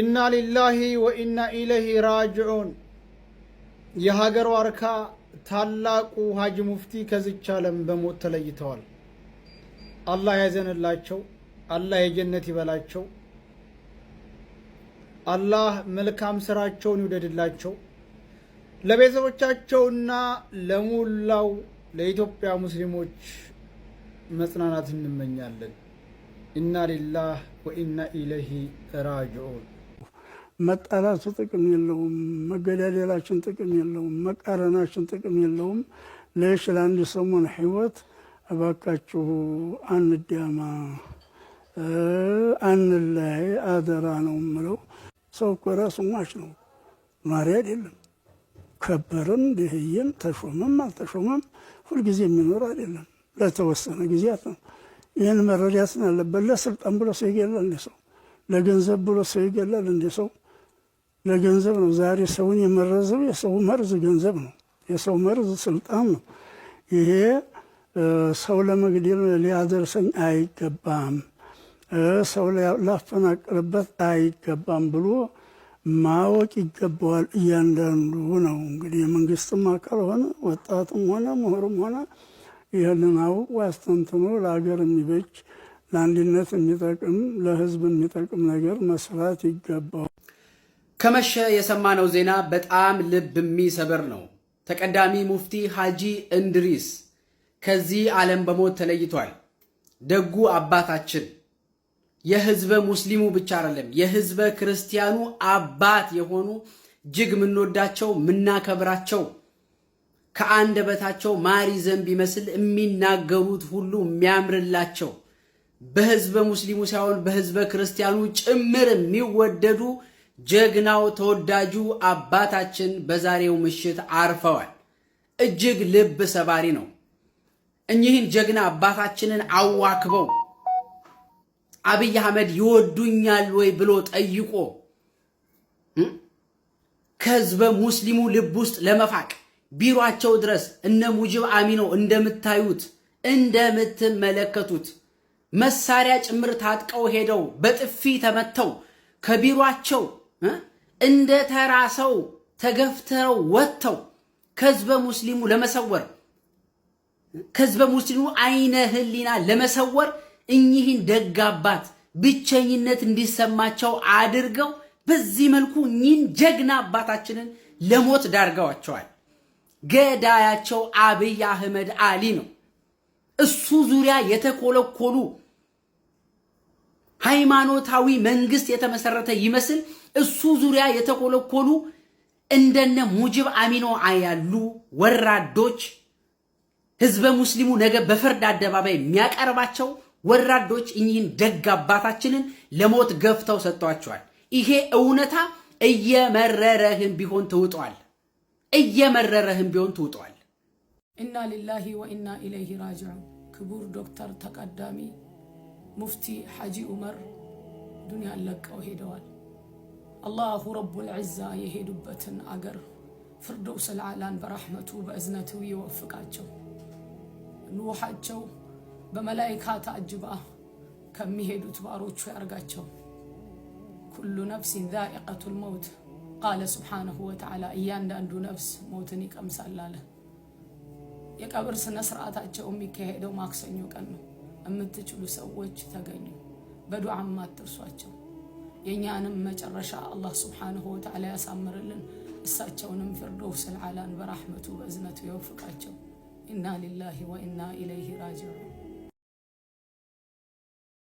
ኢና ሊላሂ ወኢና ኢለይሂ ራጅዑን የሀገር ዋርካ ታላቁ ሀጂ ሙፍቲ ከዚች ዓለም በሞት ተለይተዋል። አላህ ያዘንላቸው፣ አላህ የጀነት ይበላቸው፣ አላህ መልካም ስራቸውን ይውደድላቸው። ለቤተሰቦቻቸውና ለሙላው ለኢትዮጵያ ሙስሊሞች መጽናናት እንመኛለን። ኢና ሊላህ ወኢና ኢለይሂ ራጅዑን መጣላቱ ጥቅም የለውም። መገዳደላችን ጥቅም የለውም። መቃረናችን ጥቅም የለውም። ለሽ ለአንድ ሰሞን ህይወት እባካችሁ አንዳማ፣ አንላይ አደራ ነው ምለው። ሰው እኮ ራሱ ሟች ነው ኗሪ አይደለም። ከበረም ድህየም ተሾመም አልተሾመም ሁልጊዜ የሚኖር አይደለም። ለተወሰነ ጊዜያት ነው። ይህን መረዳትን አለበት። ለስልጣን ብሎ ሰው ይገላል እንደ ሰው፣ ለገንዘብ ብሎ ሰው ይገላል እንደ ሰው ለገንዘብ ነው። ዛሬ ሰውን የመረዘው የሰው መርዝ ገንዘብ ነው። የሰው መርዝ ስልጣን ነው። ይሄ ሰው ለመግደል ሊያደርሰኝ አይገባም፣ ሰው ላፈናቅርበት አይገባም ብሎ ማወቅ ይገባዋል እያንዳንዱ ነው። እንግዲህ የመንግስትም አካል ሆነ ወጣትም ሆነ ምሁርም ሆነ ይህንን አውቆ አስተንትኖ ለሀገር የሚበጅ ለአንድነት የሚጠቅም ለህዝብ የሚጠቅም ነገር መስራት ይገባዋል። ከመሸ የሰማነው ዜና በጣም ልብ የሚሰብር ነው። ተቀዳሚ ሙፍቲ ሐጂ እንድሪስ ከዚህ ዓለም በሞት ተለይቷል። ደጉ አባታችን የህዝበ ሙስሊሙ ብቻ አይደለም የህዝበ ክርስቲያኑ አባት የሆኑ እጅግ የምንወዳቸው የምናከብራቸው ከአንደበታቸው ማሪ ዘንብ ቢመስል የሚናገሩት ሁሉ የሚያምርላቸው በህዝበ ሙስሊሙ ሳይሆን በህዝበ ክርስቲያኑ ጭምር የሚወደዱ ጀግናው ተወዳጁ አባታችን በዛሬው ምሽት አርፈዋል። እጅግ ልብ ሰባሪ ነው። እኚህን ጀግና አባታችንን አዋክበው አብይ አህመድ ይወዱኛል ወይ ብሎ ጠይቆ ከህዝበ ሙስሊሙ ልብ ውስጥ ለመፋቅ ቢሯቸው ድረስ እነ ሙጅብ አሚኖ እንደምታዩት እንደምትመለከቱት መሳሪያ ጭምር ታጥቀው ሄደው በጥፊ ተመተው ከቢሯቸው እንደ ተራ ሰው ተገፍተው ወጥተው ከህዝበ ሙስሊሙ ለመሰወር ከህዝበ ሙስሊሙ አይነ ህሊና ለመሰወር እኚህን ደግ አባት ብቸኝነት እንዲሰማቸው አድርገው በዚህ መልኩ እኚህን ጀግና አባታችንን ለሞት ዳርገዋቸዋል። ገዳያቸው አብይ አህመድ አሊ ነው። እሱ ዙሪያ የተኮለኮሉ ሃይማኖታዊ መንግስት የተመሰረተ ይመስል እሱ ዙሪያ የተኮለኮሉ እንደነ ሙጅብ አሚኖ ያሉ ወራዶች ህዝበ ሙስሊሙ ነገ በፍርድ አደባባይ የሚያቀርባቸው ወራዶች እኚህን ደግ አባታችንን ለሞት ገፍተው ሰጥተዋቸዋል። ይሄ እውነታ እየመረረህን ቢሆን ትውጧል እየመረረህን ቢሆን ትውጧል። ኢና ሊላሂ ወኢና ኢለይሂ ራጅዑን። ክቡር ዶክተር ተቀዳሚ ሙፍቲ ሐጂ ዑመር ዱንያን ለቀው ሄደዋል። አላሁ ረቡል ዒዛ የሄዱበትን አገር ፊርደውሰል አዕላን በራሕመቱ በእዝነቱ ይወፍቃቸው። ሩሓቸው በመላይካ ታጅባ ከሚሄዱት ባሮቹ ያርጋቸው። ኩሉ ነፍሲን ዛኢቀቱል መውት ቃለ ስብሓነሁ ወተዓላ እያንዳንዱ ነፍስ ሞትን ይቀምሳል አለ። የቀብር ስነ ስርዓታቸው የሚካሄደው ማክሰኞ ቀን ነው። የምትችሉ ሰዎች ተገኙ፣ በዱዓም አትርሷቸው። የእኛንም መጨረሻ አላህ ስብሓንሁ ወተዓላ ያሳምርልን። እሳቸውንም ፊርደውስ ልዓላን በራሕመቱ በእዝነቱ የወፍቃቸው። ኢና ሊላሂ ወኢና ኢለይህ ራጂዑን